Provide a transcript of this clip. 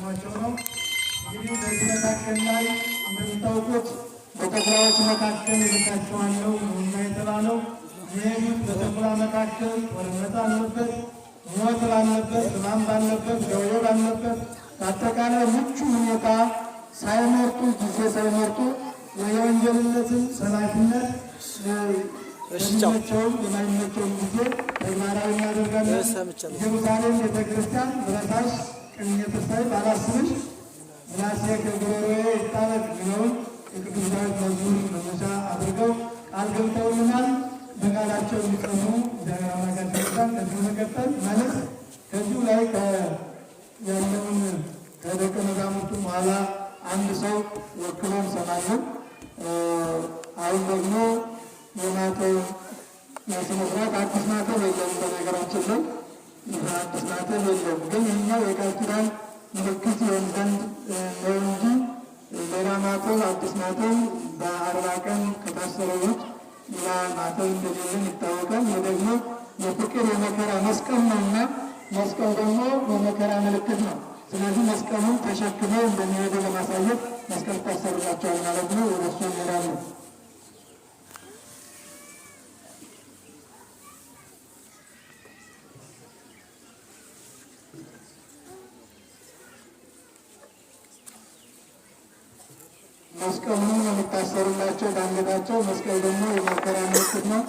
እየተጠቀሟቸው ነው። እንግዲህ በዚህ መካከል ላይ እንደምታውቁት በተኩላዎች መካከል የቤታቸዋለው ነውና የተባለው የሄዱት በተኩላ መካከል ወርመት አለበት፣ ሞት ባለበት፣ ሕማም ባለበት፣ ደዌ ባለበት በአጠቃላይ ምቹ ሁኔታ ሳይመርጡ ጊዜ ሳይመርጡ የወንጀልነትን ሰላፊነት የሚመቸውን የማይመቸውን ጊዜ ተግባራዊ እናደርጋለን። ኢየሩሳሌም ቤተክርስቲያን ብረታሽ ቅንየተሳይ ባላስብሽ ምላሴ ይታረቅ የቅዱስ ዳዊት መዝሙር መነሻ አድርገው ቃል ገብተውልናል። በቃላቸው ከዚህ መቀጠል ከዚሁ ላይ ያለውን ከደቀ መዛሙርቱ በኋላ አንድ ሰው ወክሎ እንሰማለን። አሁን ደግሞ አዲስ በነገራችን ላይ መከታተል የለውም። ግን እኛ የካቴድራል ምልክት ይሆን ዘንድ ነው እንጂ ሌላ ማተብ አዲስ ማተብ በአርባ ቀን ከታሰረ ውጭ ሌላ ማተብ እንደሌለን ይታወቃል። ይህ ደግሞ የፍቅር የመከራ መስቀል ነው እና መስቀል ደግሞ የመከራ ምልክት ነው። ስለዚህ መስቀሉን ተሸክመው እንደሚሄዱ ለማሳየት መስቀል ታሰሩላቸዋል ማለት ነው ወደ መስቀሉ የሚታሰሩላቸው በአንገታቸው መስቀል ደግሞ የመከራ ምልክት ነው።